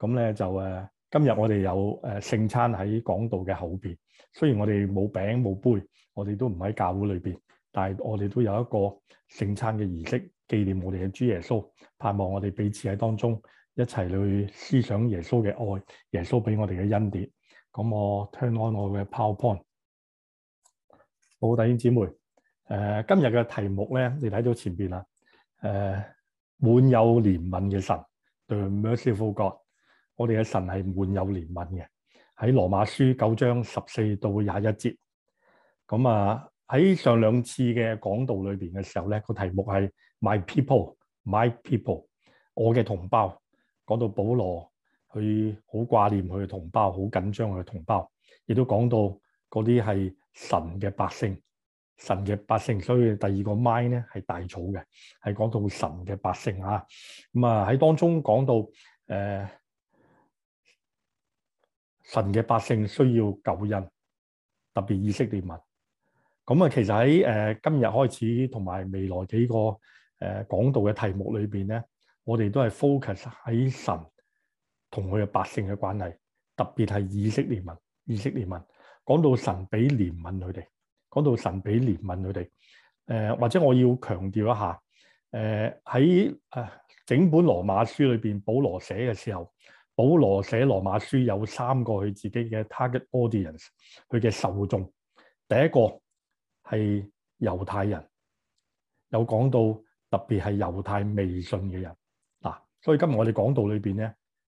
咁咧就誒，今日我哋有誒聖餐喺講道嘅後邊。雖然我哋冇餅冇杯，我哋都唔喺教會裏邊，但係我哋都有一個聖餐嘅儀式，紀念我哋嘅主耶穌。盼望我哋彼此喺當中一齊去思想耶穌嘅愛，耶穌俾我哋嘅恩典。咁我 turn on 我嘅 PowerPoint，好弟兄姊妹。誒、呃，今日嘅題目咧，你睇到前邊啦。誒、呃，滿有憐憫嘅神 d e a r e s 我哋嘅神係滿有憐憫嘅，喺羅馬書九章十四到廿一節。咁啊，喺上兩次嘅講道裏邊嘅時候咧，個題目係 My people, my people，我嘅同胞。講到保羅佢好掛念佢嘅同胞，好緊張佢嘅同胞，亦都講到嗰啲係神嘅百姓，神嘅百姓。所以第二個 my 咧係大草嘅，係講到神嘅百姓啊。咁啊喺當中講到誒。呃神嘅百姓需要救恩，特別以色列民。咁啊，其實喺誒、呃、今日開始，同埋未來幾個誒講、呃、道嘅題目裏邊咧，我哋都係 focus 喺神同佢嘅百姓嘅關係，特別係以色列民。以色列民講到神俾憐憫佢哋，講到神俾憐憫佢哋。誒、呃，或者我要強調一下，誒喺誒整本羅馬書裏邊，保羅寫嘅時候。保羅寫羅馬書有三個佢自己嘅 target audience，佢嘅受眾，第一個係猶太人，有講到特別係猶太未信嘅人嗱、啊，所以今日我哋講道裏邊咧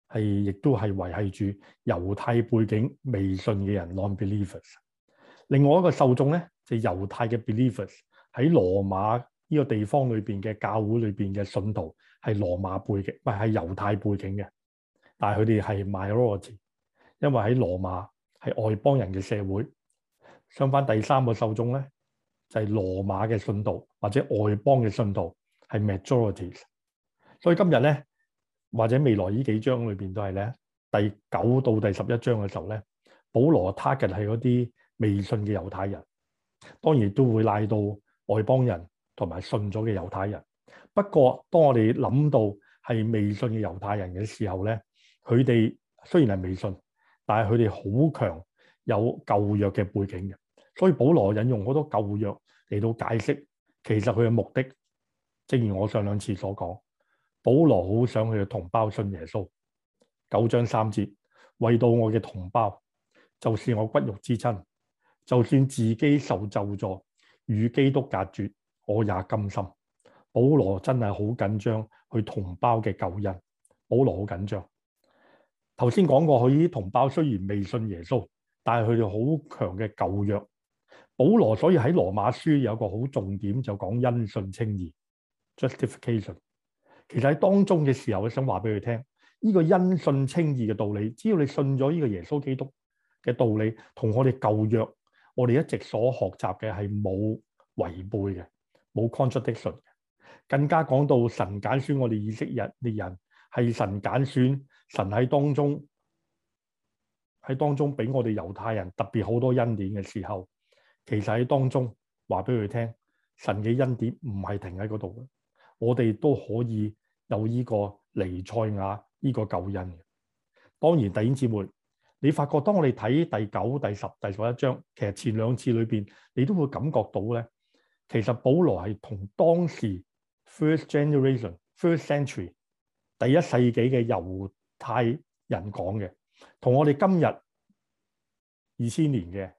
係亦都係維繫住猶太背景未信嘅人 （non-believers）。另外一個受眾咧就係猶太嘅 believers 喺羅馬呢個地方裏邊嘅教會裏邊嘅信徒係羅馬背景，唔係係猶太背景嘅。但係佢哋係 minority，因為喺羅馬係外邦人嘅社會。相反，第三個受眾咧就係、是、羅馬嘅信徒或者外邦嘅信徒係 majorities。所以今日咧或者未來呢幾章裏邊都係咧，第九到第十一章嘅時候咧，保羅 target 係嗰啲未信嘅猶太人，當然都會賴到外邦人同埋信咗嘅猶太人。不過當我哋諗到係未信嘅猶太人嘅時候咧，佢哋雖然係未信，但係佢哋好強有舊約嘅背景嘅，所以保羅引用好多舊約嚟到解釋。其實佢嘅目的，正如我上兩次所講，保羅好想佢嘅同胞信耶穌。九章三節為到我嘅同胞，就算、是、我骨肉之親，就算自己受咒詛與基督隔絕，我也甘心。保羅真係好緊張，佢同胞嘅救恩。保羅好緊張。頭先講過，佢啲同胞雖然未信耶穌，但係佢哋好強嘅舊約。保羅所以喺羅馬書有個好重點，就講因信稱義 （justification）。其實喺當中嘅時候，我想話俾佢聽，呢、這個因信稱義嘅道理，只要你信咗呢個耶穌基督嘅道理，同我哋舊約我哋一直所學習嘅係冇違背嘅，冇 contradiction 嘅。更加講到神揀選我哋以色列啲人係神揀選。神喺當中，喺當中俾我哋猶太人特別好多恩典嘅時候，其實喺當中話俾佢聽，神嘅恩典唔係停喺嗰度嘅，我哋都可以有呢個尼賽亞呢個救恩嘅。當然弟兄姊妹，你發覺當我哋睇第九、第十、第十一章，其實前兩次裏邊，你都會感覺到咧，其實保羅係同當時 First Generation、First Century、第一世紀嘅猶太人講嘅，同我哋今日二千年嘅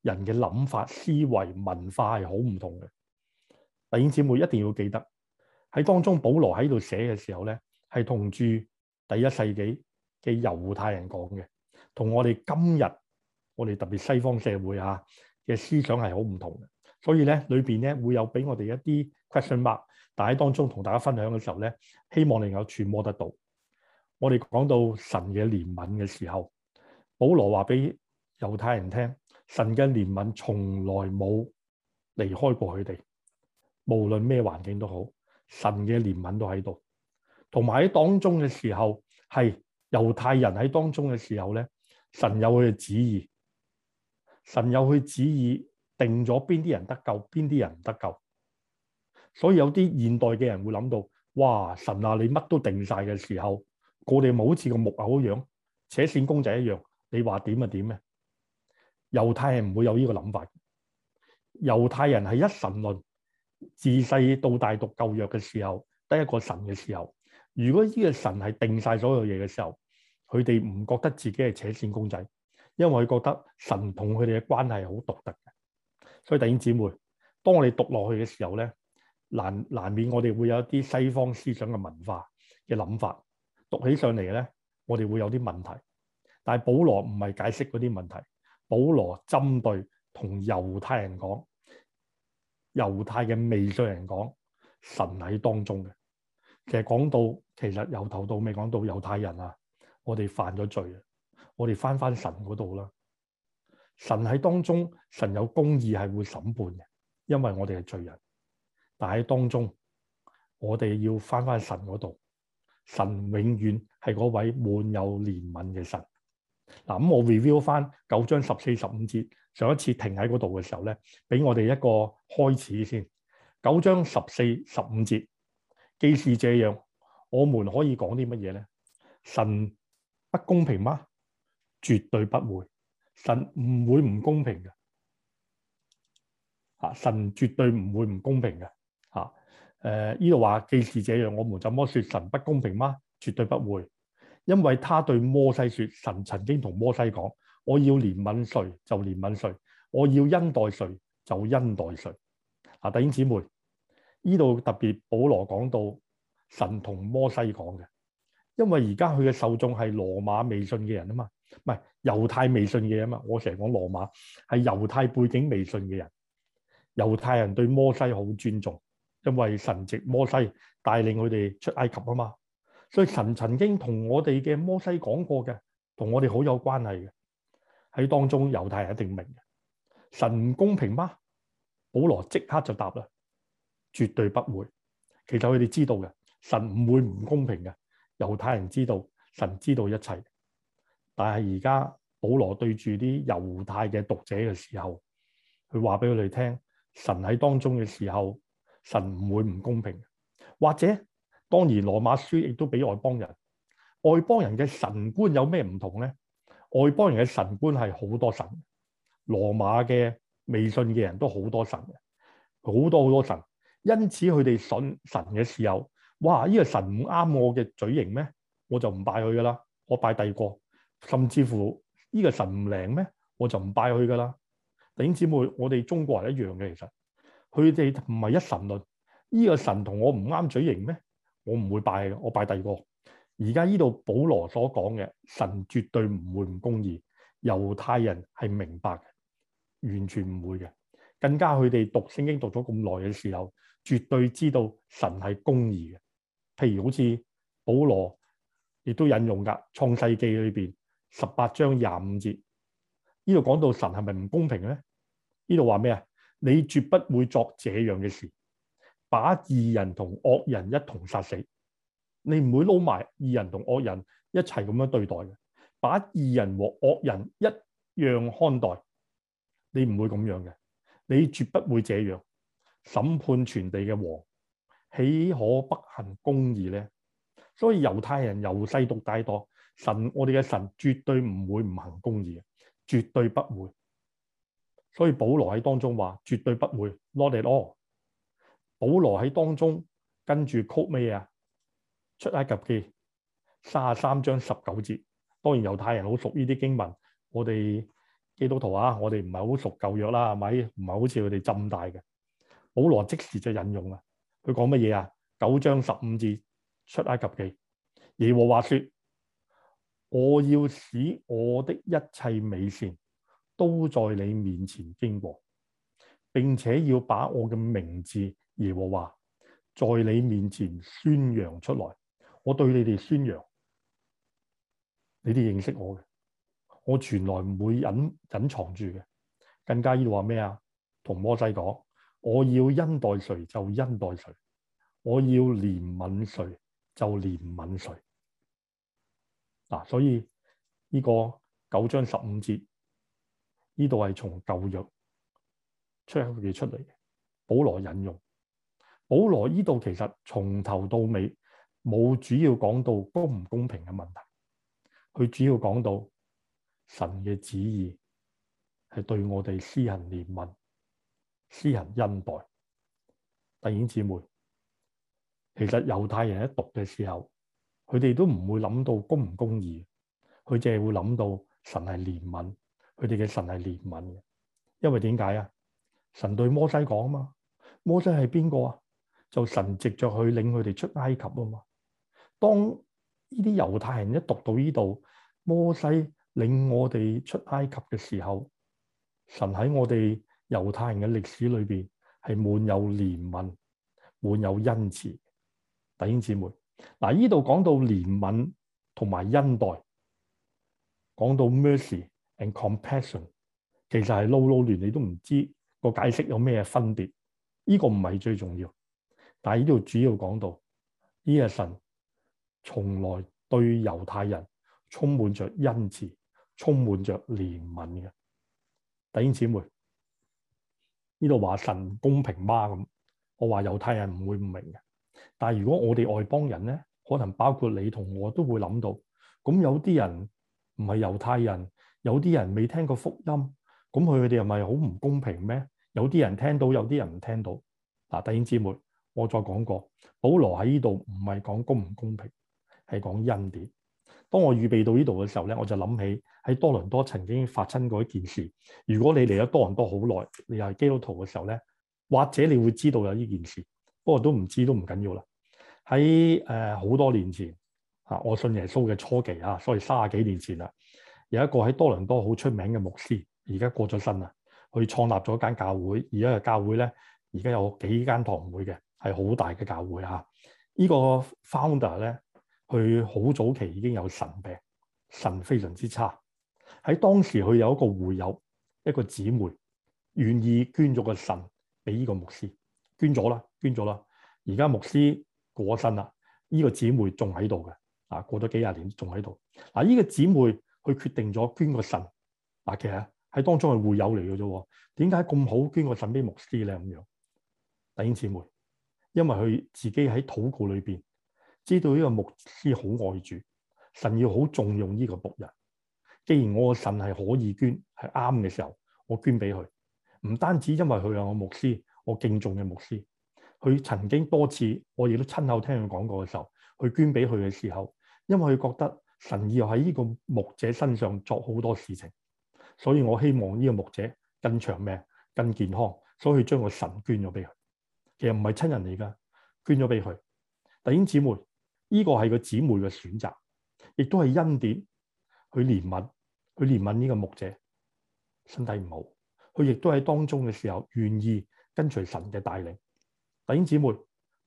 人嘅諗法、思維、文化係好唔同嘅。弟兄姊妹一定要記得，喺當中保羅喺度寫嘅時候咧，係同住第一世紀嘅猶太人講嘅，同我哋今日我哋特別西方社會下嘅思想係好唔同嘅。所以咧，裏邊咧會有俾我哋一啲 question mark，但喺當中同大家分享嘅時候咧，希望你能夠揣摩得到。我哋講到神嘅憐憫嘅時候，保羅話俾猶太人聽，神嘅憐憫從來冇離開過佢哋，無論咩環境都好，神嘅憐憫都喺度。同埋喺當中嘅時候，係猶太人喺當中嘅時候咧，神有佢嘅旨意，神有佢嘅旨意定咗邊啲人得救，邊啲人唔得救。所以有啲現代嘅人會諗到，哇！神啊，你乜都定晒嘅時候。我哋冇好似個木偶一樣，扯線公仔一樣，你話點啊點嘅？猶太係唔會有呢個諗法。猶太人係一神論，自細到大讀舊約嘅時候得一個神嘅時候。如果呢個神係定晒所有嘢嘅時候，佢哋唔覺得自己係扯線公仔，因為佢覺得神同佢哋嘅關係好獨特嘅。所以弟兄姊妹，當我哋讀落去嘅時候咧，難難免我哋會有一啲西方思想嘅文化嘅諗法。讀起上嚟咧，我哋會有啲問題，但係保羅唔係解釋嗰啲問題，保羅針對同猶太人講，猶太嘅未信人講，神喺當中嘅，其實講到其實由頭到尾講到猶太人啊，我哋犯咗罪啊，我哋返返神嗰度啦，神喺當中，神有公義係會審判嘅，因為我哋係罪人，但喺當中我哋要返返神嗰度。神永遠係嗰位滿有憐憫嘅神嗱，咁我 review 翻九章十四十五節，上一次停喺嗰度嘅時候咧，俾我哋一個開始先。九章十四十五節，既是這樣，我們可以講啲乜嘢咧？神不公平嗎？絕對不會，神唔會唔公平嘅啊！神絕對唔會唔公平嘅。誒，呢度話，既是這樣，我們怎麼說，神不公平嗎？絕對不會，因為他對摩西說：神曾經同摩西講，我要憐憫誰就憐憫誰，我要恩待誰就恩待誰。嗱，弟兄姊妹，呢度特別保羅講到神同摩西講嘅，因為而家佢嘅受眾係羅馬未信嘅人啊嘛，唔係猶太未信嘅人啊嘛。我成日講羅馬係猶太背景未信嘅人，猶太人對摩西好尊重。因為神藉摩西帶領佢哋出埃及啊嘛，所以神曾經同我哋嘅摩西講過嘅，同我哋好有關係嘅。喺當中猶太人一定明嘅。神唔公平嗎？保羅即刻就答啦，絕對不會。其實佢哋知道嘅，神唔會唔公平嘅。猶太人知道神知道一切，但係而家保羅對住啲猶太嘅讀者嘅時候，佢話俾佢哋聽神喺當中嘅時候。神唔會唔公平，或者當然羅馬書亦都俾外邦人，外邦人嘅神觀有咩唔同咧？外邦人嘅神觀係好多神，羅馬嘅未信嘅人都好多神嘅，好多好多神。因此佢哋信神嘅時候，哇！呢個神唔啱我嘅嘴型咩？我就唔拜佢噶啦，我拜第二個。甚至乎呢個神唔靈咩？我就唔拜佢噶啦。弟兄姊妹，我哋中國人一樣嘅，其實。佢哋唔係一神論，呢個神同我唔啱嘴型咩？我唔會拜嘅，我拜第二個。而家呢度保羅所講嘅神絕對唔會唔公義，猶太人係明白嘅，完全唔會嘅。更加佢哋讀聖經讀咗咁耐嘅時候，絕對知道神係公義嘅。譬如好似保羅亦都引用噶《創世記》裏邊十八章廿五節，呢度講到神係咪唔公平咧？呢度話咩啊？你絕不會作這樣嘅事，把義人同惡人一同殺死。你唔會撈埋義人同惡人一齊咁樣對待嘅，把義人和惡人一樣看待。你唔會咁樣嘅，你絕不會這樣審判全地嘅王，豈可不行公義呢？所以猶太人由細到大，多神我哋嘅神絕對唔會唔行公義，絕對不會。所以保羅喺當中話絕對不會 Not at All。保羅喺當中跟住 call 咩啊？出埃及記三十三章十九節，當然猶太人好熟呢啲經文。我哋基督徒啊，我哋唔係好熟舊約啦，係咪？唔係好似佢哋浸大嘅。保羅即時就引用啦，佢講乜嘢啊？九章十五節，出埃及記。耶和華說：我要使我的一切美善。都在你面前經過，並且要把我嘅名字耶和華在你面前宣揚出來。我對你哋宣揚，你哋認識我嘅，我全來唔會隱隱藏住嘅。更加要話咩啊？同摩西講，我要恩待誰就恩待誰，我要憐憫誰就憐憫誰。嗱、啊，所以呢、這個九章十五節。呢度係從舊約出一句出嚟嘅，保羅引用。保羅呢度其實從頭到尾冇主要講到公唔公平嘅問題，佢主要講到神嘅旨意係對我哋施行憐憫、施行恩待。弟兄姊妹，其實猶太人喺讀嘅時候，佢哋都唔會諗到公唔公義，佢淨係會諗到神係憐憫。佢哋嘅神係憐憫嘅，因為點解啊？神對摩西講啊嘛，摩西係邊個啊？就神藉着去領佢哋出埃及啊嘛。當呢啲猶太人一讀到呢度，摩西領我哋出埃及嘅時候，神喺我哋猶太人嘅歷史裏邊係滿有憐憫、滿有恩慈。弟兄姊妹，嗱呢度講到憐憫同埋恩待，講到 mercy。and compassion，其實係撈撈亂，你都唔知解釋、個解釋有咩分別。呢個唔係最重要，但係呢度主要講到，呢、呢個神從來對猶太人充滿着恩慈，充滿着憐憫嘅。弟兄姊妹，呢度話神公平嘛咁，我話猶太人唔會唔明嘅。但係如果我哋外邦人咧，可能包括你同我都會諗到，咁有啲人唔係猶太人。有啲人未聽過福音，咁佢哋又咪好唔公平咩？有啲人聽到，有啲人唔聽到。嗱、啊，弟兄姊妹，我再講過，保羅喺呢度唔係講公唔公平，係講恩典。當我預備到呢度嘅時候咧，我就諗起喺多倫多曾經發生過一件事。如果你嚟咗多倫多好耐，你又係基督徒嘅時候咧，或者你會知道有呢件事，不過都唔知都唔緊要啦。喺誒好多年前啊，我信耶穌嘅初期啊，所以三十幾年前啦。有一個喺多倫多好出名嘅牧師，而家過咗身啦，佢創立咗間教會，而家嘅教會咧，而家有幾間堂會嘅，係好大嘅教會啊！這個 er、呢個 founder 咧，佢好早期已經有腎病，腎非常之差。喺當時佢有一個會友，一個姊妹願意捐咗個腎俾呢個牧師，捐咗啦，捐咗啦。而家牧師過咗身啦，呢、這個姊妹仲喺度嘅，啊過咗幾廿年仲喺度。嗱、這、呢個姊妹。佢決定咗捐個腎，嗱、啊、其實喺當中係會友嚟嘅啫。點解咁好捐個腎俾牧師咧？咁樣，弟兄姊妹，因為佢自己喺禱告裏邊知道呢個牧師好愛主，神要好重用呢個僕人。既然我個腎係可以捐，係啱嘅時候，我捐俾佢。唔單止因為佢係我牧師，我敬重嘅牧師。佢曾經多次，我亦都親口聽佢講過嘅時候，佢捐俾佢嘅時候，因為佢覺得。神要喺呢個牧者身上作好多事情，所以我希望呢個牧者更長命、更健康，所以將個神捐咗俾佢。其實唔係親人嚟噶，捐咗俾佢。弟兄姊妹，呢、這個係個姊妹嘅選擇，亦都係恩典，佢憐憫，佢憐憫呢個牧者身體唔好，佢亦都喺當中嘅時候願意跟隨神嘅帶領。弟兄姊妹，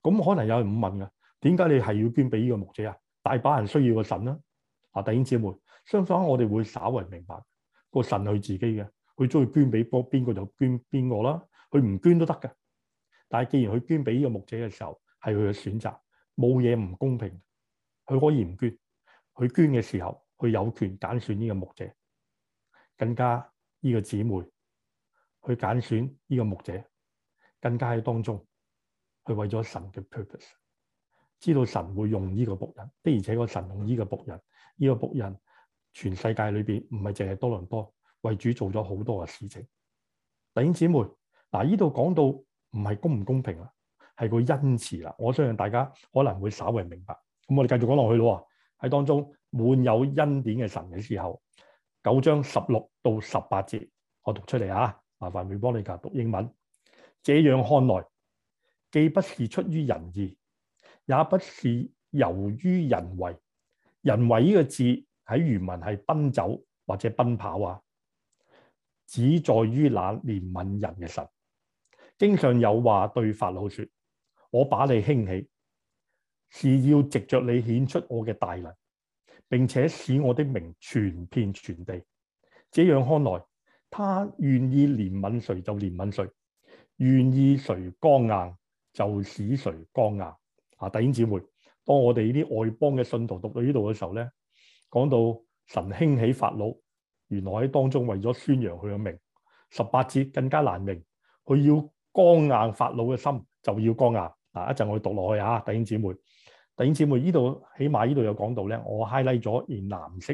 咁可能有人問噶，點解你係要捐俾呢個牧者啊？大把人需要個神啦、啊。啊！弟兄姊妹，相信我哋會稍為明白個神佢自己嘅，佢中意捐俾波，邊個就捐邊個啦。佢唔捐都得㗎。但係既然佢捐俾呢個牧者嘅時候，係佢嘅選擇，冇嘢唔公平。佢可以唔捐，佢捐嘅時候，佢有權揀選呢個牧者，更加呢、這個姊妹去揀選呢個牧者，更加喺當中去為咗神嘅 purpose，知道神會用呢個僕人，的而且確神用呢個僕人。呢個僕人全世界，裏邊唔係淨係多倫多為主做咗好多嘅事情。弟兄姊妹，嗱，呢度講到唔係公唔公平啦，係個恩慈啦。我相信大家可能會稍微明白。咁我哋繼續講落去咯。喺當中滿有恩典嘅神嘅時候，九章十六到十八節，我讀出嚟啊，麻煩 Ruby 哥讀英文。這樣看來，既不是出於人意，也不是由於人為。人為呢個字喺原文係奔走或者奔跑啊，只在於那憐憫人嘅神，經常有話對法老說：我把你興起，是要藉着你顯出我嘅大能，並且使我的名傳遍全地。這樣看來，他願意憐憫誰就憐憫誰，願意誰剛硬就使誰剛硬。啊，弟兄姊妹。當我哋呢啲外邦嘅信徒讀到呢度嘅時候咧，講到神興起法老，原來喺當中為咗宣揚佢嘅名。十八節更加難明，佢要剛硬法老嘅心就要剛硬。嗱，一陣我去讀落去吓，弟兄姊妹，弟兄姊妹呢度起碼呢度有講到咧，我 highlight 咗而藍色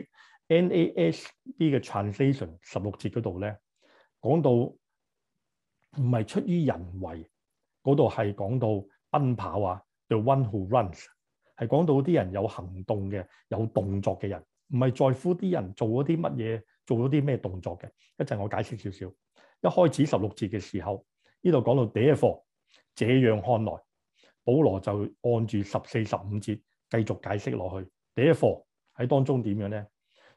NASB 嘅 translation 十六節嗰度咧，講到唔係出於人為，嗰度係講到奔跑啊，the one who runs。係講到啲人有行動嘅、有動作嘅人，唔係在乎啲人做咗啲乜嘢、做咗啲咩動作嘅。一陣我解釋少少。一開始十六節嘅時候，呢度講到第一課。這樣看來，保羅就按住十四、十五節繼續解釋落去。第一課喺當中點樣咧？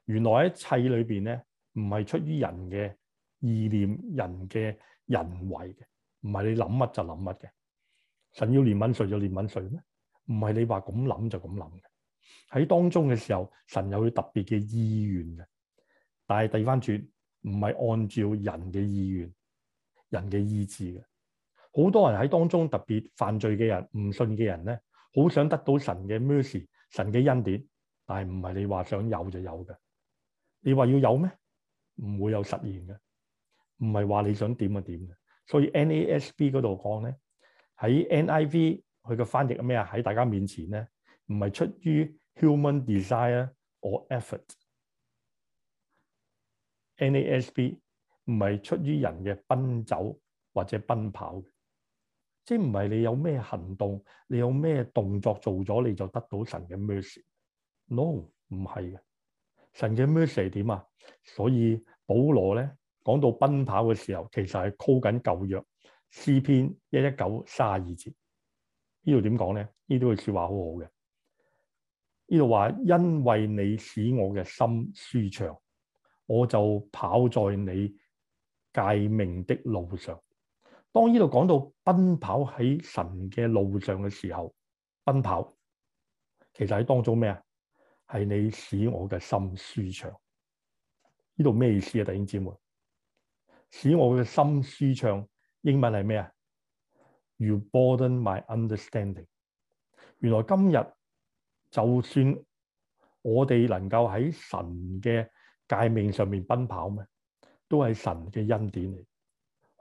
原來一切裏邊咧，唔係出於人嘅意念、人嘅人為嘅，唔係你諗乜就諗乜嘅。神要憐憫誰就憐憫誰咩？唔係你話咁諗就咁諗嘅，喺當中嘅時候，神有特別嘅意願嘅，但係第二翻轉唔係按照人嘅意願、人嘅意志嘅。好多人喺當中特別犯罪嘅人、唔信嘅人咧，好想得到神嘅 mercy、神嘅恩典，但係唔係你話想有就有嘅。你話要有咩？唔會有實現嘅，唔係話你想點就點嘅。所以 NASB 嗰度講咧，喺 NIV。佢嘅翻譯咩啊？喺大家面前咧，唔係出於 human desire or effort，NASB 唔係出於人嘅奔走或者奔跑，即係唔係你有咩行動，你有咩動作做咗你就得到神嘅 mercy。No，唔係嘅，神嘅 mercy 係點啊？所以保羅咧講到奔跑嘅時候，其實係靠緊舊約詩篇一一九三十二節。呢度點講咧？呢度嘅說話好好嘅。呢度話，因為你使我嘅心舒暢，我就跑在你誡命的路上。當呢度講到奔跑喺神嘅路上嘅時候，奔跑其實喺當中咩啊？係你使我嘅心舒暢。呢度咩意思啊？弟兄姊妹，使我嘅心舒暢，英文係咩啊？You broaden my understanding。原來今日就算我哋能夠喺神嘅誡命上面奔跑咩，都係神嘅恩典嚟。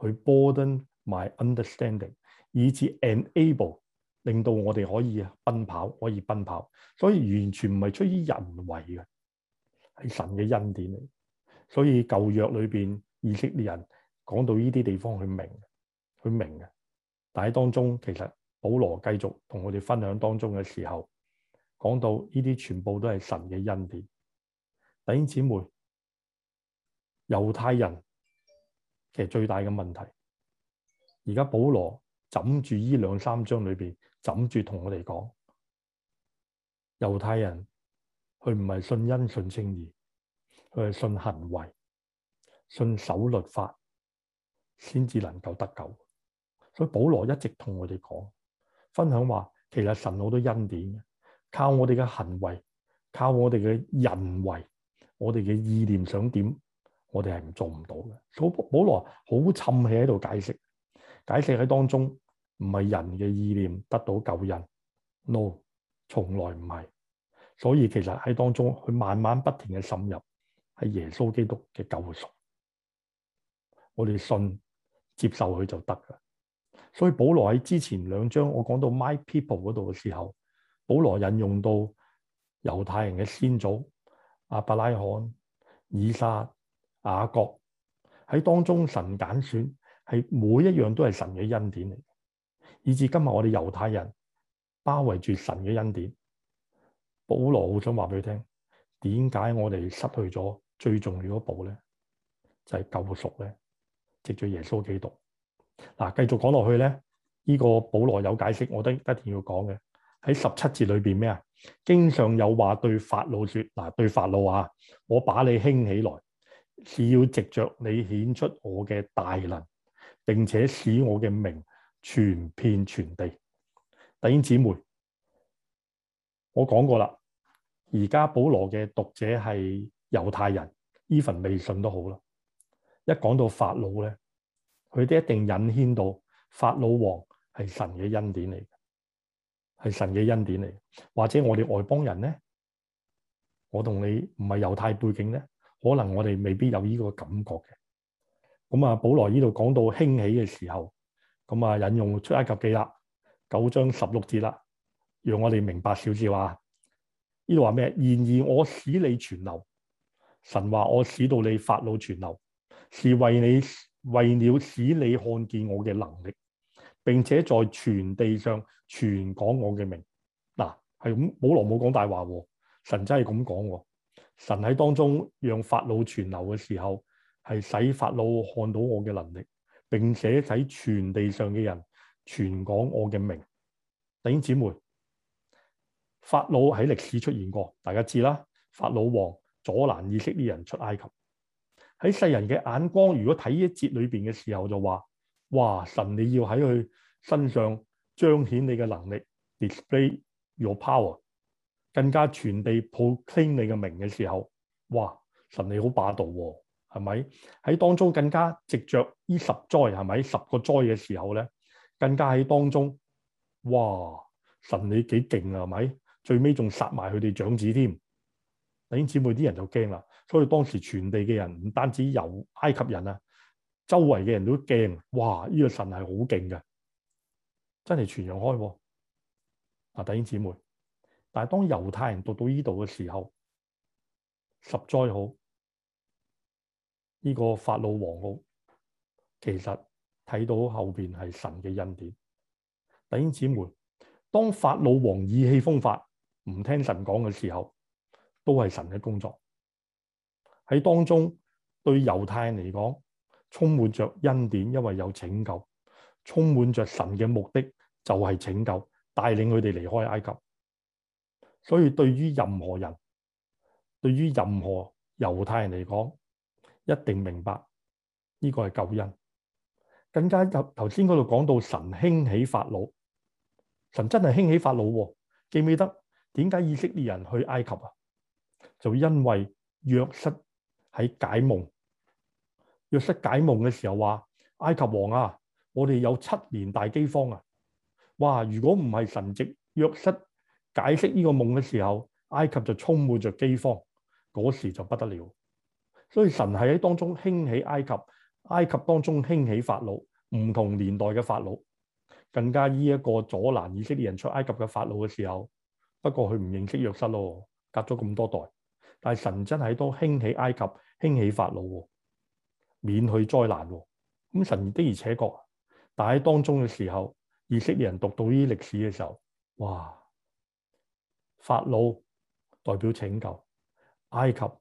去 broaden my understanding，以至 enable，令到我哋可以啊奔跑，可以奔跑。所以完全唔係出於人為嘅，係神嘅恩典嚟。所以舊約裏邊以色列人講到呢啲地方，佢明，佢明嘅。但喺當中，其實保羅繼續同我哋分享當中嘅時候，講到呢啲全部都係神嘅恩典。弟兄姊妹，猶太人其實最大嘅問題，而家保羅枕住呢兩三章裏邊枕住同我哋講，猶太人佢唔係信因信稱義，佢係信行為、信守律法，先至能夠得救。所以保羅一直同我哋講分享話，其實神好多恩典嘅，靠我哋嘅行為，靠我哋嘅人為，我哋嘅意念想點，我哋係做唔到嘅。所保羅好沉氣喺度解釋，解釋喺當中唔係人嘅意念得到救恩，no，從來唔係。所以其實喺當中，佢慢慢不停嘅滲入，係耶穌基督嘅救贖。我哋信接受佢就得噶。所以保羅喺之前兩章，我講到 My people 嗰度嘅時候，保羅引用到猶太人嘅先祖阿伯拉罕、以撒、雅各喺當中神揀選，係每一樣都係神嘅恩典嚟。以至今日我哋猶太人包圍住神嘅恩典，保羅好想話俾佢聽，點解我哋失去咗最重要一步咧？就係、是、救贖咧，藉住耶穌基督。嗱，繼續講落去咧，呢、這個保羅有解釋，我都一定要講嘅。喺十七節裏邊咩啊？經上有話對法老說，嗱，對法老啊，我把你興起來，是要藉着你顯出我嘅大能，並且使我嘅名傳遍全地。弟兄姊妹，我講過啦，而家保羅嘅讀者係猶太人，呢份未信都好啦。一講到法老咧，佢哋一定引牽到法老王係神嘅恩典嚟，係神嘅恩典嚟。或者我哋外邦人咧，我同你唔係猶太背景咧，可能我哋未必有呢個感覺嘅。咁、嗯、啊，保羅呢度講到興起嘅時候，咁、嗯、啊引用出埃及記啦，九章十六節啦，讓我哋明白少少啊。呢度話咩？然而我使你存留，神話我使到你法老存留，是為你。為了使你看見我嘅能力，並且在全地上傳講我嘅名。嗱，係咁，保羅冇講大話，神真係咁講。神喺當中讓法老存留嘅時候，係使法老看到我嘅能力，並且使全地上嘅人傳講我嘅名。弟兄姊妹，法老喺歷史出現過，大家知啦，法老王阻攔以色列人出埃及。喺世人嘅眼光，如果睇呢一節裏邊嘅時候，就話：哇，神你要喺佢身上彰顯你嘅能力，display your power，更加傳遞 proclaim 你嘅名嘅時候，哇，神你好霸道喎，哦，係咪？喺當中更加藉着呢十災係咪十個災嘅時候咧，更加喺當中，哇，神你幾勁啊，係咪？最尾仲殺埋佢哋長子添。弟兄姊妹，啲人就驚啦，所以當時全地嘅人唔單止有埃及人啊，周圍嘅人都驚，哇！呢個神係好勁嘅，真係傳揚開喎。啊，弟兄姊妹，但係當猶太人讀到呢度嘅時候，十災好，呢個法老王好，其實睇到後邊係神嘅恩典。弟兄姊妹，當法老王意氣風發、唔聽神講嘅時候。都係神嘅工作。喺當中，對猶太人嚟講充滿着恩典，因為有拯救，充滿着神嘅目的就係拯救帶領佢哋離開埃及。所以對於任何人，對於任何猶太人嚟講，一定明白呢個係救恩。更加頭先嗰度講到神興起法老，神真係興起法老啊，記唔記得？點解以色列人去埃及啊？就因為約瑟喺解夢，約瑟解夢嘅時候話：埃及王啊，我哋有七年大饑荒啊！哇！如果唔係神藉約瑟解釋呢個夢嘅時候，埃及就充滿着饑荒，嗰時就不得了。所以神係喺當中興起埃及，埃及當中興起法老，唔同年代嘅法老，更加依一個阻攔以色列人出埃及嘅法老嘅時候。不過佢唔認識約瑟咯，隔咗咁多代。但係神真係都興起埃及，興起法老喎，免去災難喎。咁神的而且確，但喺當中嘅時候，以色列人讀到呢啲歷史嘅時候，哇！法老代表拯救，埃及代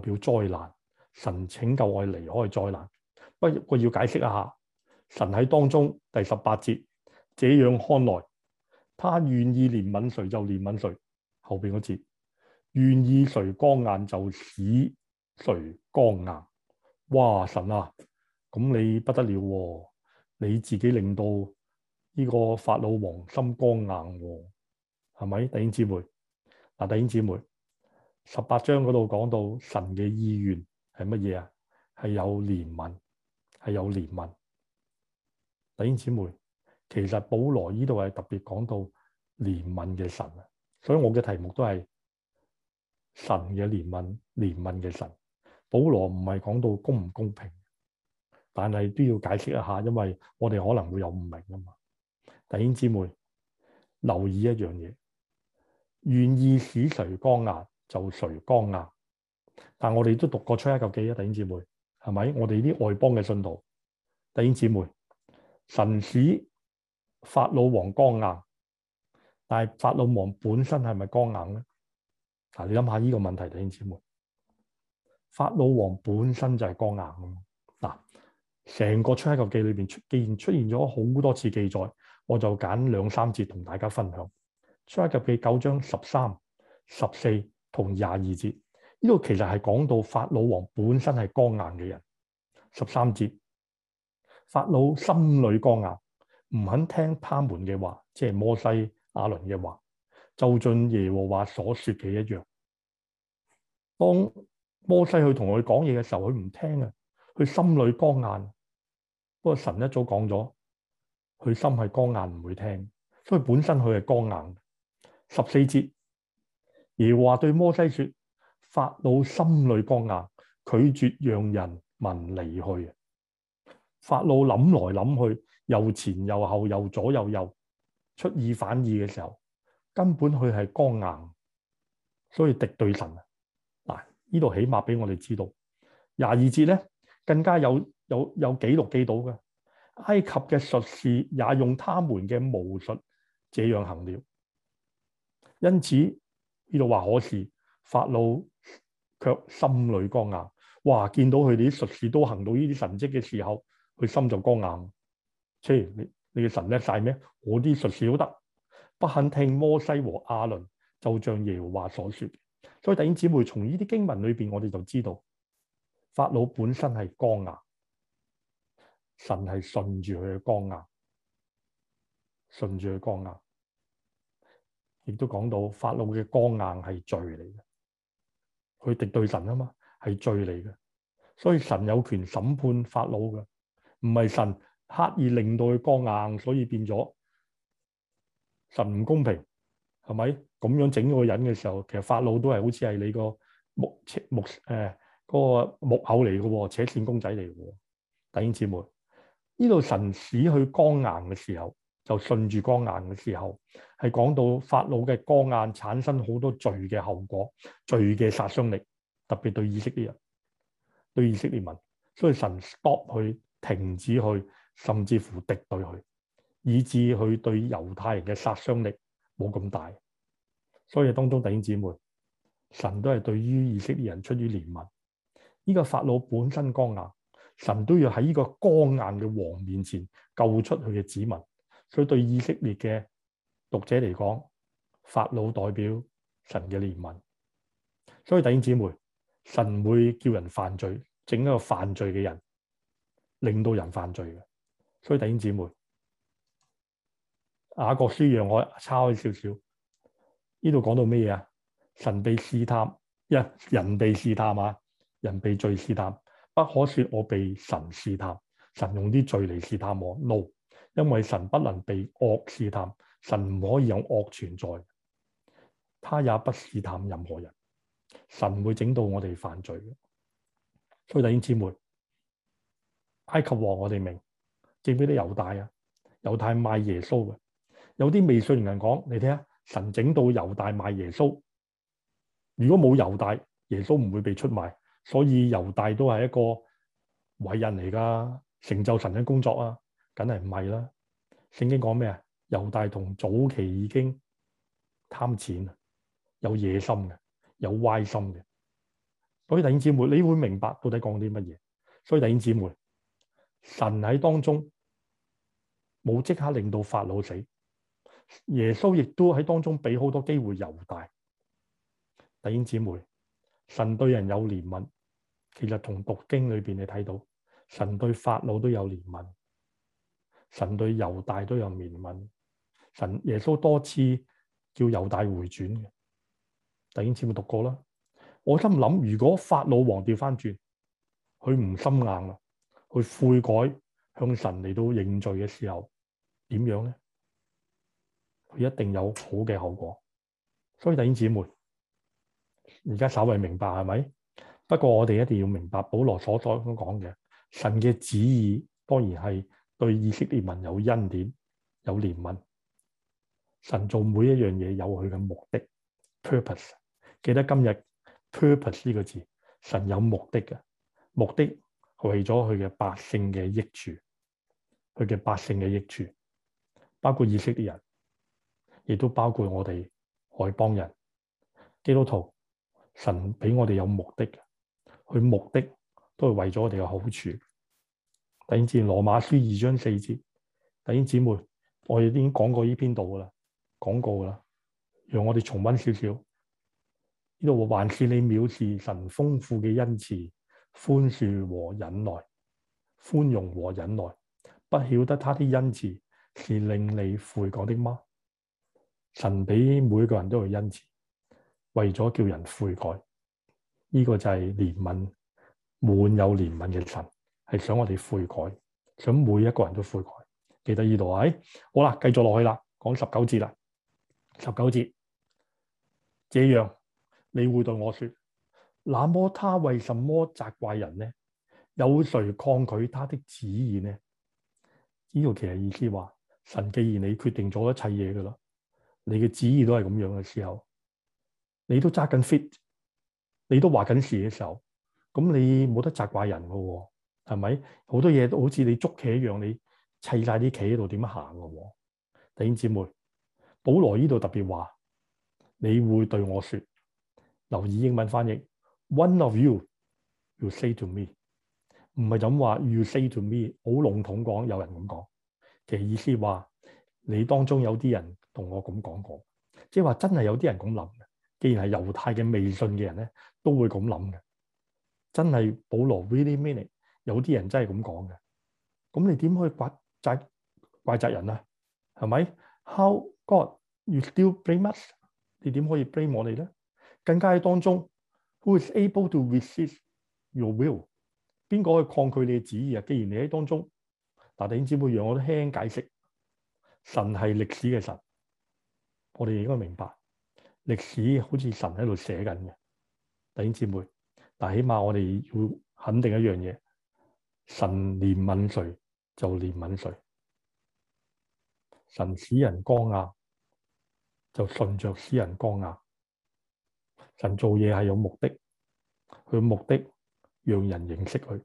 表災難，神拯救我離開災難。不過要解釋一下，神喺當中第十八節，這樣看來，他願意憐憫誰就憐憫誰。後面嗰節。願意誰光硬就使誰光硬，哇！神啊，咁你不得了喎！哦！你自己令到呢個法老王心光硬喎，哦，係咪？弟兄姊妹，嗱，弟兄姊妹，十八章嗰度講到神嘅意願係乜嘢啊？係有憐憫，係有憐憫。弟兄姊妹，其實保羅呢度係特別講到憐憫嘅神啊，所以我嘅題目都係。神嘅憐憫，憐憫嘅神。保羅唔係講到公唔公平，但係都要解釋一下，因為我哋可能會有唔明啊嘛。弟兄姊妹，留意一樣嘢，願意使誰剛硬，就誰剛硬。但我哋都讀過出埃及記啊，弟兄姊妹，係咪？我哋啲外邦嘅信徒，弟兄姊妹，神使法老王剛硬，但係法老王本身係咪剛硬咧？嗱、啊，你諗下呢個問題，弟兄姊妹，法老王本身就係剛硬嘅。嗱，成個出埃及記裏邊，既然出現咗好多次記載，我就揀兩三節同大家分享。出埃及記九章十三、十四同廿二節，呢個其實係講到法老王本身係剛硬嘅人。十三節，法老心裏剛硬，唔肯聽他們嘅話，即係摩西、亞倫嘅話。就像耶和華所說嘅一樣。當摩西去同佢講嘢嘅時候，佢唔聽啊！佢心裏剛硬。不過神一早講咗，佢心係剛硬，唔會聽。所以本身佢係剛硬。十四節，耶和華對摩西説：法老心裏剛硬，拒絕讓人民離去。法老諗來諗去，又前又後，又左又右，出爾反爾嘅時候。根本佢係剛硬，所以敵對神啊！嗱，呢度起碼俾我哋知道廿二節咧，更加有有有紀錄記到嘅埃及嘅術士也用他們嘅巫術這樣行了。因此呢度話，可是法老卻心裏剛硬，哇！見到佢哋啲術士都行到呢啲神蹟嘅時候，佢心就剛硬。切，你你嘅神叻晒咩？我啲術士都得。不肯聽摩西和亞倫，就像耶和華所說。所以弟兄姊妹，從呢啲經文裏面，我哋就知道法老本身係剛硬，神係順住佢嘅剛硬，順住佢剛硬。亦都講到法老嘅剛硬係罪嚟嘅，佢敵對神啊嘛，係罪嚟嘅。所以神有權審判法老嘅，唔係神刻意令到佢剛硬，所以變咗。神唔公平，係咪？咁樣整個人嘅時候，其實法老都係好似係你個木木，呃、那個木切木誒個木偶嚟嘅，扯綫公仔嚟嘅。弟兄姊妹，呢度神使佢剛硬嘅時候，就順住剛硬嘅時候，係講到法老嘅剛硬產生好多罪嘅後果，罪嘅殺傷力，特別對以色列人，對以色列民，所以神 stop 佢停止佢，甚至乎敵對佢。以致佢對猶太人嘅殺傷力冇咁大，所以當中弟兄姊妹，神都係對於以色列人出於憐憫。呢個法老本身剛硬，神都要喺呢個剛硬嘅王面前救出佢嘅子民。所以對以色列嘅讀者嚟講，法老代表神嘅憐憫。所以弟兄姊妹，神唔會叫人犯罪，整一個犯罪嘅人，令到人犯罪嘅。所以弟兄姊妹。雅各書讓我抄開少少？呢度講到咩嘢啊？神被試探，一人被試探嘛？人被罪試探，不可說我被神試探。神用啲罪嚟試探我，no，因為神不能被惡試探，神唔可以有惡存在。他也不試探任何人。神會整到我哋犯罪嘅。所以弟兄姊妹，埃及王我哋明，正俾都猶大啊，猶大賣耶穌嘅。有啲未信人講，你聽，神整到猶大賣耶穌。如果冇猶大，耶穌唔會被出賣，所以猶大都係一個偉人嚟㗎，成就神嘅工作啊，梗係唔係啦。聖經講咩啊？猶大同早期已經貪錢啊，有野心嘅，有歪心嘅。所以弟兄姊妹，你會明白到底講啲乜嘢。所以弟兄姊妹，神喺當中冇即刻令到法老死。耶穌亦都喺當中俾好多機會猶大，弟兄姊妹，神對人有憐憫，其實從讀經裏邊你睇到，神對法老都有憐憫，神對猶大都有憐憫，神耶穌多次叫猶大回轉嘅，弟兄姊妹讀過啦，我心諗，如果法老王掉翻轉，佢唔心硬啦，佢悔改向神嚟到認罪嘅時候，點樣咧？佢一定有好嘅後果，所以弟兄姊妹，而家稍微明白係咪？不過我哋一定要明白保羅所所講嘅，神嘅旨意當然係對以色列民有恩典、有憐憫。神做每一樣嘢有佢嘅目的 （purpose）。purpose, 記得今日 purpose 呢個字，神有目的嘅，目的為咗佢嘅百姓嘅益處，佢嘅百姓嘅益處，包括以色列人。亦都包括我哋外邦人、基督徒。神俾我哋有目的，佢目的都係為咗我哋嘅好處。弟兄姊妹，羅馬書二章四節。弟兄姊妹，我哋已經講過呢篇度噶啦，講過噶啦，讓我哋重溫少少。呢度還是你藐視神豐富嘅恩賜、寬恕和忍耐、寬容和忍耐，不曉得他的恩賜是令你悔改的嗎？神俾每一個人都去恩慈，為咗叫人悔改，呢個就係憐憫，滿有憐憫嘅神係想我哋悔改，想每一個人都悔改。記得呢度啊，好啦，繼續落去啦，講十九節啦，十九節，這樣你會對我說，那麼他為什麼責怪人呢？有誰抗拒他的旨意呢？呢度其實意思話，神既然你決定咗一切嘢噶啦。你嘅旨意都係咁樣嘅時候，你都揸緊 fit，你都話緊事嘅時候，咁你冇得責怪人嘅喎，哦，係咪？好多嘢都好似你捉棋一樣，你砌晒啲棋喺度點行嘅？弟兄姊妹，保羅呢度特別話，你會對我說，留意英文翻譯，one of you，you say to me，唔係咁話，you say to me，好籠統講，有人咁講，其實意思話，你當中有啲人。同我咁講過，即係話真係有啲人咁諗嘅。既然係猶太嘅未信嘅人咧，都會咁諗嘅。真係保羅 really mean it，有啲人真係咁講嘅。咁你點可以怪責怪責人啊？係咪？How God you still blame us？你點可以 blame 我哋咧？更加喺當中，Who is able to resist your will？邊個去抗拒你嘅旨意啊？既然你喺當中，嗱弟兄姊妹，讓我都輕輕解釋。神係歷史嘅神。我哋應該明白，歷史好似神喺度寫緊嘅，弟兄姐妹。但起碼我哋要肯定一樣嘢：神憐憫誰就憐憫誰，神使人剛硬就順着使人剛硬。神做嘢係有目的，佢嘅目的，讓人認識佢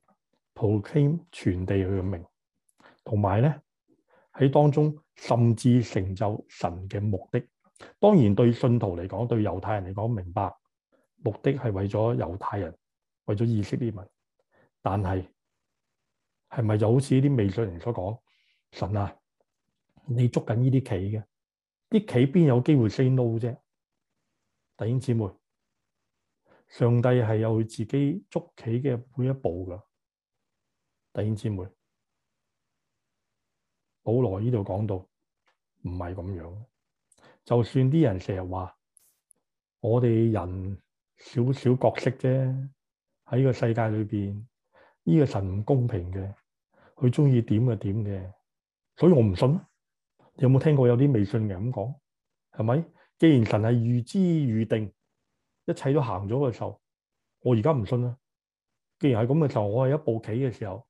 ，proclaim 傳遞佢嘅名，同埋呢喺當中甚至成就神嘅目的。當然對信徒嚟講，對猶太人嚟講，明白目的係為咗猶太人，為咗以色列民。但係係咪就好似啲未信人所講？神啊，你捉緊呢啲棋嘅，啲棋邊有機會 say no 啫？弟兄姊妹，上帝係有佢自己捉棋嘅每一步㗎。弟兄姊妹，保羅呢度講到唔係咁樣。就算啲人成日話我哋人少少角色啫，喺個世界裏邊，呢個神唔公平嘅，佢中意點就點嘅，所以我唔信。你有冇聽過有啲未信嘅咁講？係咪？既然神係預知預定，一切都行咗嘅時候，我而家唔信啦。既然係咁嘅時候，我係一部棋嘅時候，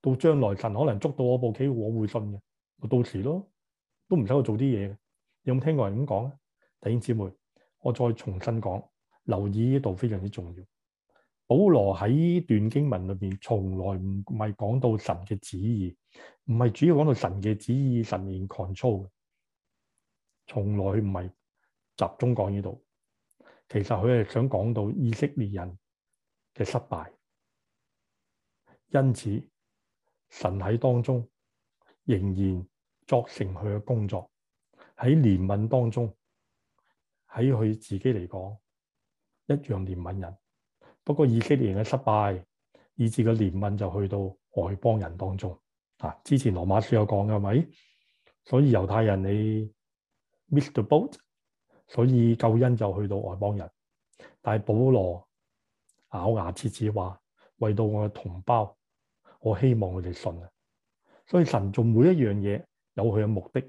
到將來神可能捉到我部棋，我會信嘅。我到時咯，都唔使去做啲嘢。有冇聽過人咁講咧？弟兄姊妹，我再重新講，留意呢度非常之重要。保羅喺段經文裏面從來唔係講到神嘅旨意，唔係主要講到神嘅旨意，神言控制嘅，從來唔係集中講呢度。其實佢係想講到以色列人嘅失敗，因此神喺當中仍然作成佢嘅工作。喺憐憫當中，喺佢自己嚟講一樣憐憫人。不過以色列人嘅失敗，以致個憐憫就去到外邦人當中。啊，之前羅馬書有講嘅，係咪？所以猶太人你 miss the boat，所以救恩就去到外邦人。但係保羅咬牙切齒話：為到我嘅同胞，我希望佢哋信啊！所以神做每一樣嘢有佢嘅目的。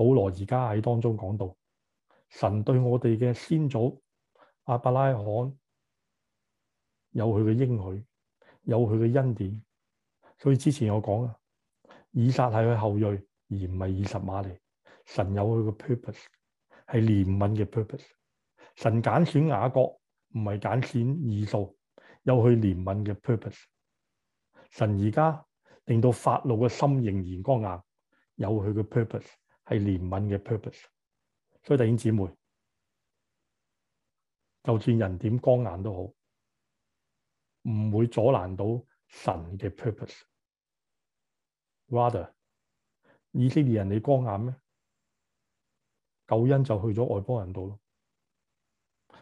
保羅而家喺當中講到，神對我哋嘅先祖亞伯拉罕有佢嘅應許，有佢嘅恩典。所以之前我講啊，以撒係佢後裔，而唔係以實瑪利。神有佢嘅 purpose，係憐憫嘅 purpose。神揀選雅各唔係揀選以掃，有佢憐憫嘅 purpose。神而家令到法老嘅心仍然剛硬，有佢嘅 purpose。係憐憫嘅 purpose，所以弟兄姊妹，就算人點光眼都好，唔會阻攔到神嘅 purpose。Rather，以色列人你光眼咩？救恩就去咗外邦人度咯。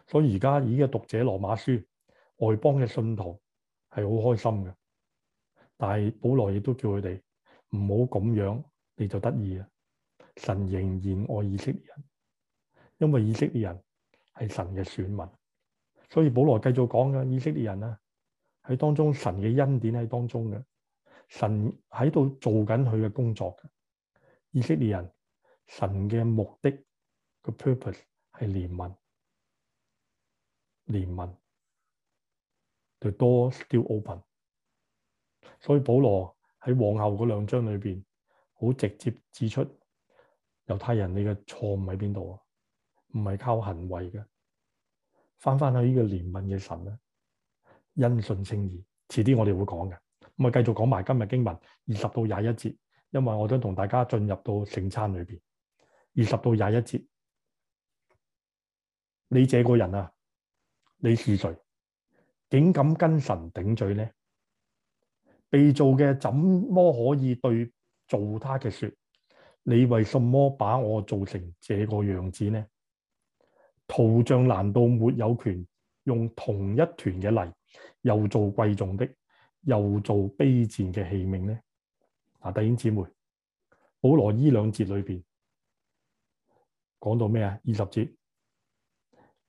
所以而家已經讀者羅馬書，外邦嘅信徒係好開心嘅，但係保羅亦都叫佢哋唔好咁樣，你就得意啊！神仍然愛以色列人，因為以色列人係神嘅選民，所以保羅繼續講嘅以色列人咧、啊、喺當，當中，神嘅恩典喺當中嘅，神喺度做緊佢嘅工作。以色列人，神嘅目的嘅 purpose 係憐憫，憐憫 the door still open。所以保羅喺往後嗰兩章裏面好直接指出。猶太人你嘅錯誤喺邊度啊？唔係靠行為嘅，翻翻去呢個憐憫嘅神咧，因信稱義。遲啲我哋會講嘅，咁啊繼續講埋今日經文二十到廿一節，因為我都想同大家進入到聖餐裏邊。二十到廿一節，你這個人啊，你是誰？竟敢跟神頂嘴咧？被造嘅怎麼可以對造他嘅說？你為什麼把我做成這個樣子呢？陶匠難道沒有權用同一團嘅泥，又做貴重的，又做卑賤嘅器皿呢？啊，弟兄姊妹，保羅呢兩節裏邊講到咩啊？二十節，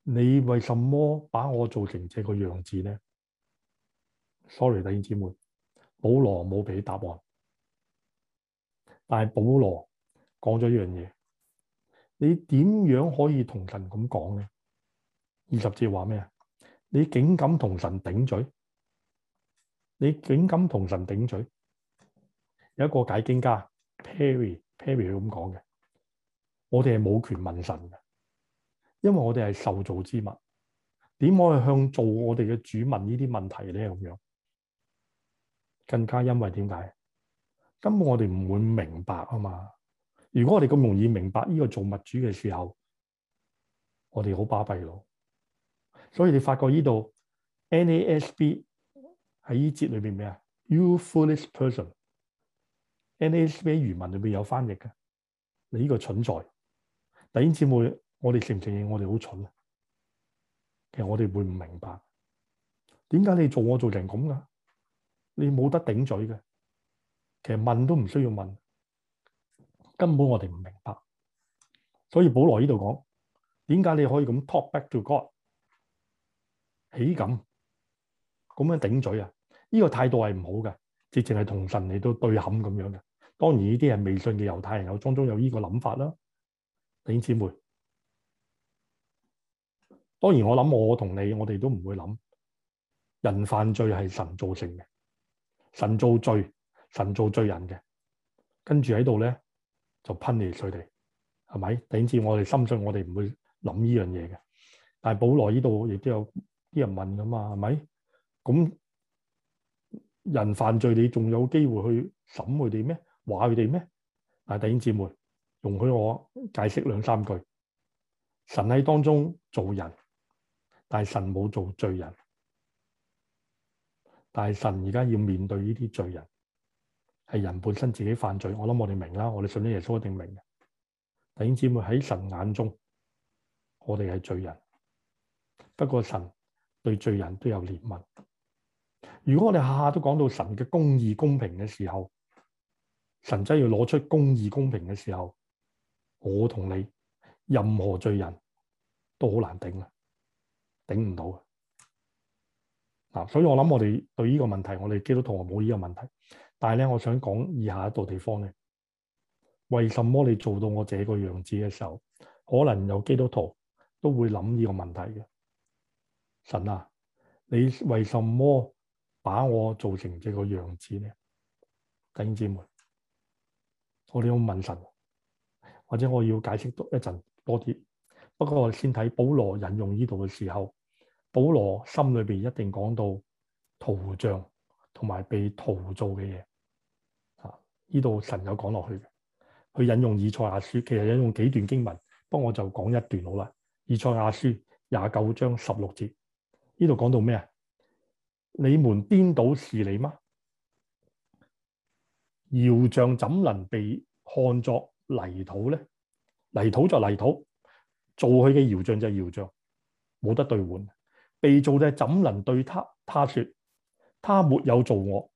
你為什麼把我做成這個樣子呢？sorry，弟兄姊妹，保羅冇俾答案，但係保羅。講咗一樣嘢，你點樣可以同神咁講咧？二十節話咩啊？你竟敢同神頂嘴？你竟敢同神頂嘴？有一個解經家 Perry Perry 佢咁講嘅，我哋係冇權問神嘅，因為我哋係受造之物，點可以向做我哋嘅主問呢啲問題咧？咁樣更加因為點解？根本我哋唔會明白啊嘛。如果我哋咁容易明白呢個做物主嘅時候，我哋好巴閉咯。所以你發覺呢度 NASB 喺呢節裏面咩啊？You foolish person，NASB 原文裏面有翻譯嘅。你呢個蠢材，弟兄姊妹，我哋承唔承認我哋好蠢咧？其實我哋會唔明白，點解你做我做成咁噶？你冇得頂嘴嘅。其實問都唔需要問。根本我哋唔明白，所以保羅呢度講，點解你可以咁 talk back to God？起咁咁樣頂嘴啊？呢個態度係唔好嘅，直情係同神嚟到對冚咁樣嘅。當然呢啲係未信嘅猶太人有，中有呢個諗法啦。弟兄姊、姊妹，當然我諗我同你，我哋都唔會諗人犯罪係神造成嘅，神造罪，神造罪人嘅，跟住喺度咧。就噴嚟佢哋，係咪？弟兄姊妹，我哋深信我哋唔會諗呢樣嘢嘅。但係保羅呢度亦都有啲人問噶嘛，係咪？咁人犯罪，你仲有機會去審佢哋咩？話佢哋咩？弟兄姊妹，容許我解釋兩三句。神喺當中做人，但係神冇做罪人，但係神而家要面對呢啲罪人。係人本身自己犯罪，我諗我哋明啦，我哋信啲耶穌一定明嘅。弟兄姊妹，喺神眼中，我哋係罪人。不過神對罪人都有憐憫。如果我哋下下都講到神嘅公義、公平嘅時候，神真要攞出公義、公平嘅時候，我同你任何罪人都好難頂啊，頂唔到啊。嗱，所以我諗我哋對呢個問題，我哋基督徒冇呢個問題。但係咧，我想講以下一個地方咧，為什麼你做到我這個樣子嘅時候，可能有基督徒都會諗呢個問題嘅。神啊，你為什麼把我做成這個樣子咧？弟兄姊妹，我哋好問神，或者我要解釋多一陣多啲。不過我哋先睇保羅引用呢度嘅時候，保羅心裏邊一定講到圖像同埋被陶造嘅嘢。呢度神有講落去，佢引用以賽亞書，其實引用幾段經文，不過我就講一段好啦。以賽亞書廿九章十六節，呢度講到咩啊？你們顛倒事理嗎？窯匠怎能被看作泥土咧？泥土就泥土，做佢嘅窯匠就係窯匠，冇得兌換。被做就嘅怎能對他他說？他沒有做我，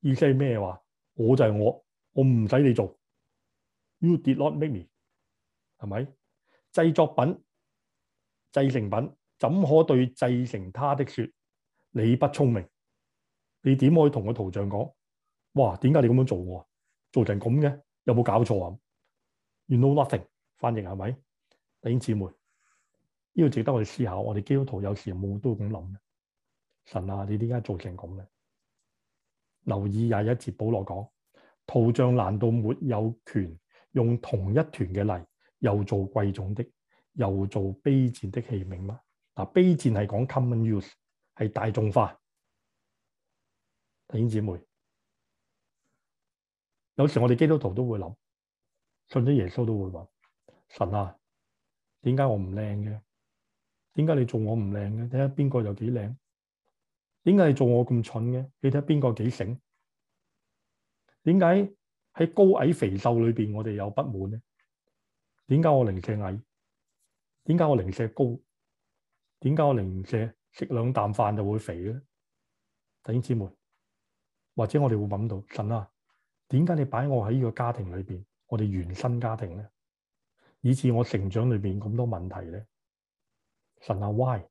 意思係咩話？我就係我。我唔使你做，You did not make me，係咪？製作品、製成品，怎可對製成它的説你不聰明？你點可以同個圖像講？哇！點解你咁樣做啊？做成咁嘅，有冇搞錯啊？You know nothing，翻譯，係咪？弟兄姊妹，呢個值得我哋思考。我哋基督徒有時無都會咁諗嘅。神啊，你點解做成咁嘅？留意廿一節，保羅講。陶匠難道沒有權用同一團嘅泥，又做貴重的，又做卑賤的器皿嗎？嗱，卑賤係講 common use，係大眾化。弟兄姊妹，有時我哋基督徒都會諗，信咗耶穌都會話：神啊，點解我唔靚嘅？點解你做我唔靚嘅？你睇下邊個有幾靚？點解你做我咁蠢嘅？你睇下邊個幾醒？點解喺高矮肥瘦裏邊我哋有不滿咧？點解我零舍矮？點解我零舍高？點解我零舍食兩啖飯就會肥咧？弟兄姊妹，或者我哋會諗到，神啊，點解你擺我喺呢個家庭裏邊，我哋原生家庭咧，以致我成長裏邊咁多問題咧？神啊，Why？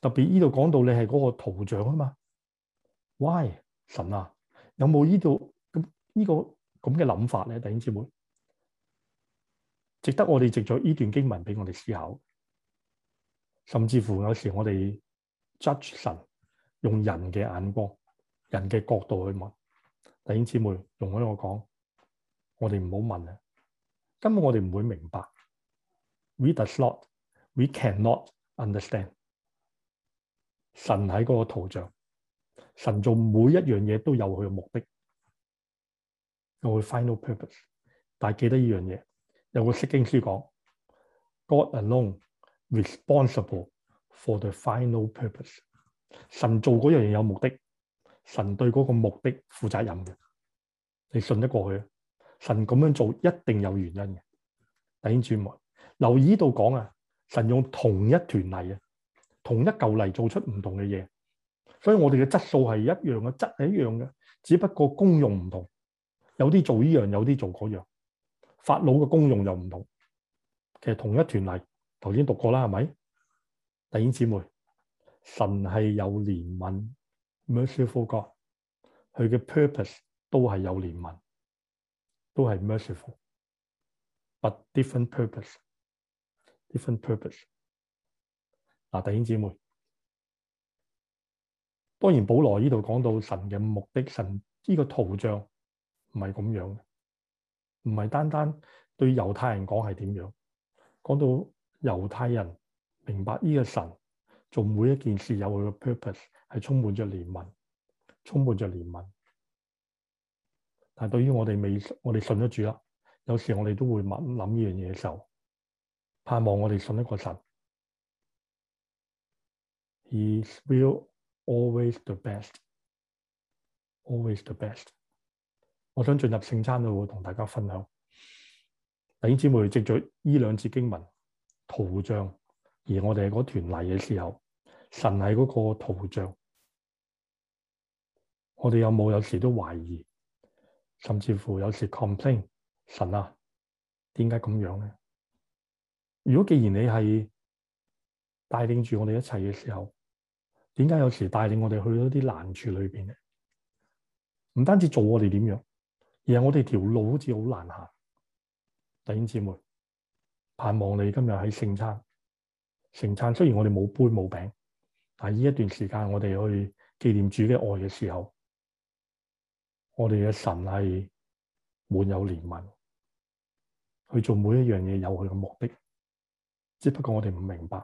特別呢度講到你係嗰個圖像啊嘛？Why？神啊，有冇呢度？呢、這個咁嘅諗法咧，弟兄姊妹，值得我哋藉咗呢段經文俾我哋思考，甚至乎有時我哋 judge 神，用人嘅眼光、人嘅角度去問，弟兄姊妹，容許我講，我哋唔好問啊！根本我哋唔會明白。We does not, we cannot understand。神喺嗰個圖像，神做每一樣嘢都有佢嘅目的。有個 final purpose，但係記得呢樣嘢，有個聖經書講，God alone responsible for the final purpose。神做嗰樣嘢有目的，神對嗰個目的負責任嘅，你信得過去？神咁樣做一定有原因嘅。弟兄姊妹，留意呢度講啊，神用同一團泥啊，同一舊泥做出唔同嘅嘢，所以我哋嘅質素係一樣嘅，質係一樣嘅，只不過功用唔同。有啲做依樣，有啲做嗰樣，法老嘅功用又唔同。其實同一團泥，頭先讀過啦，係咪？弟兄姊妹，神係有憐憫，merciful God，佢嘅 purpose 都係有憐憫，都係 merciful，but different purpose，different purpose。嗱，弟兄姊妹，當然保羅呢度講到神嘅目的，神呢個圖像。唔係咁樣，唔係單單對猶太人講係點樣，講到猶太人明白呢個神做每一件事有佢嘅 purpose，係充滿着憐憫，充滿着憐憫。但係對於我哋未我哋信咗主啦，有時我哋都會默諗呢樣嘢嘅時候，盼望我哋信一個神。He will always the best, always the best。我想進入聖餐度會同大家分享，弟兄姊妹，藉着呢兩節經文，圖像而我哋嗰團契嘅時候，神係嗰個圖像，我哋有冇有，有時都懷疑，甚至乎有時 complain，神啊，點解咁樣呢？如果既然你係帶領住我哋一齊嘅時候，點解有時帶領我哋去咗啲難處裏面咧？唔單止做我哋點樣？而係，我哋條路好似好難行，弟兄姊妹，盼望你今日喺聖餐，聖餐雖然我哋冇杯冇餅，但係呢一段時間我哋去紀念主嘅愛嘅時候，我哋嘅神係滿有憐憫，去做每一樣嘢有佢嘅目的，只不過我哋唔明白，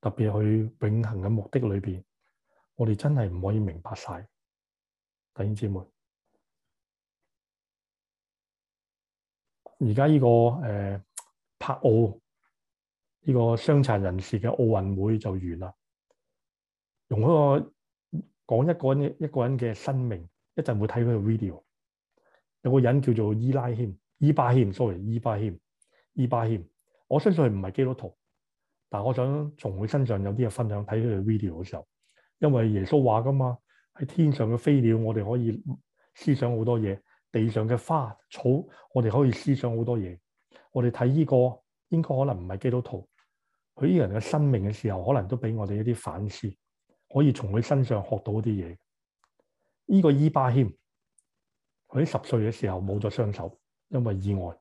特別佢永恆嘅目的裏邊，我哋真係唔可以明白晒，弟兄姊妹。而家呢個誒，帕奧呢個傷殘人士嘅奧運會就完啦。用嗰個講一個人一個人嘅生命，一陣會睇佢嘅 video。有個人叫做伊拉軒，伊巴軒，sorry，伊巴軒，伊巴軒。我相信佢唔係基督徒，但我想從佢身上有啲嘢分享。睇佢 video 嘅時候，因為耶穌話㗎嘛，喺天上嘅飛鳥，我哋可以思想好多嘢。地上嘅花草，我哋可以思想好多嘢。我哋睇呢個應該可能唔係基督徒，佢呢個人嘅生命嘅時候，可能都俾我哋一啲反思，可以從佢身上學到一啲嘢。呢個伊巴謙喺十歲嘅時候冇咗雙手，因為意外。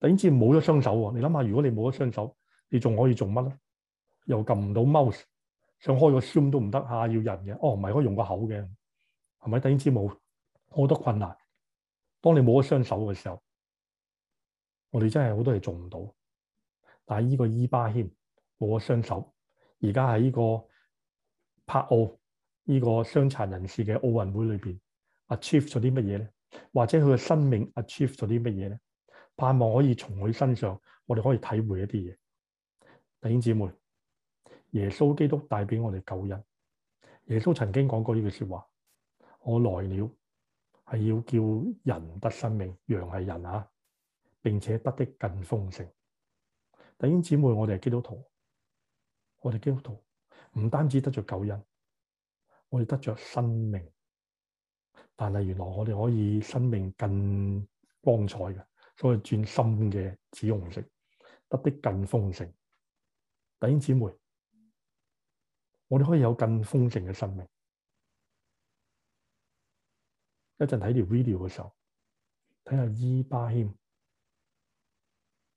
突然之冇咗雙手喎，你諗下，如果你冇咗雙手，你仲可以做乜咧？又撳唔到 mouse，想開個 zoom 都唔得啊，要人嘅。哦，唔係可以用個口嘅，係咪？突然之冇，好多困難。當你冇一雙手嘅時候，我哋真係好多嘢做唔到。但係呢個伊巴謙冇一雙手，而家喺呢個帕奧呢個傷殘人士嘅奧運會裏面，achieve 咗啲乜嘢咧？或者佢嘅生命 achieve 咗啲乜嘢咧？盼望可以從佢身上，我哋可以體會一啲嘢。弟兄姊妹，耶穌基督帶俾我哋救恩。耶穌曾經講過呢句說話：我來了。係要叫人得生命，羊係人啊，並且得的更豐盛。弟兄姊妹，我哋係基督徒，我哋基督徒唔單止得着救恩，我哋得着生命，但係原來我哋可以生命更光彩嘅，所以轉深嘅紫紅色，得的更豐盛。弟兄姊妹，我哋可以有更豐盛嘅生命。一陣睇條 video 嘅時候，睇下伊巴謙，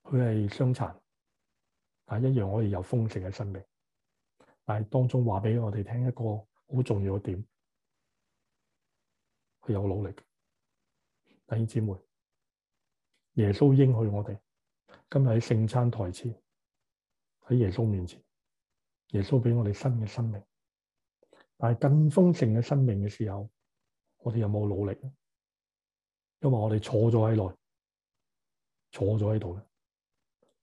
佢係傷殘，但一樣我哋有豐盛嘅生命。但係當中話俾我哋聽一個好重要嘅點，佢有努力。弟兄姊妹，耶穌應許我哋，今日喺聖餐台前，喺耶穌面前，耶穌俾我哋新嘅生命。但係更豐盛嘅生命嘅時候。我哋有冇努力？因為我哋坐咗喺度，坐咗喺度，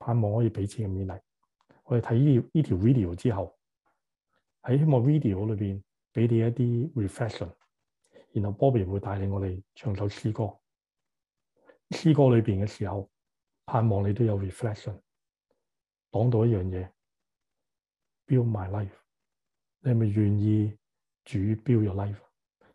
盼望可以俾啲嘅勉勵。我哋睇呢條 video 之後，喺希望 video 裏面俾你一啲 reflection。然後，Bobby 會帶領我哋唱首詩歌。詩歌裏面嘅時候，盼望你都有 reflection。講到一樣嘢，build my life。你係咪願意主 build your life？